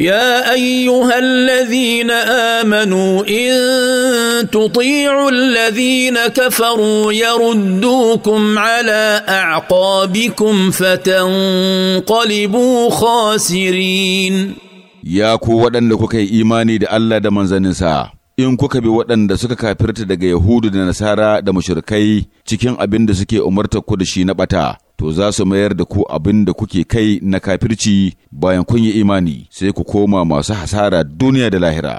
يا ايها الذين امنوا ان تطيعوا الذين كفروا يردوكم على اعقابكم فتنقلبوا خاسرين ya ku waɗanda kuka yi imani da Allah da manzaninsa in kuka bi waɗanda suka kafirta daga yahudu da nasara da mushrikai cikin abin da suke umartar ku da shi na ɓata to za su mayar da ku abin da kuke kai na kafirci bayan kun yi imani sai ku koma masu hasara duniya da lahira.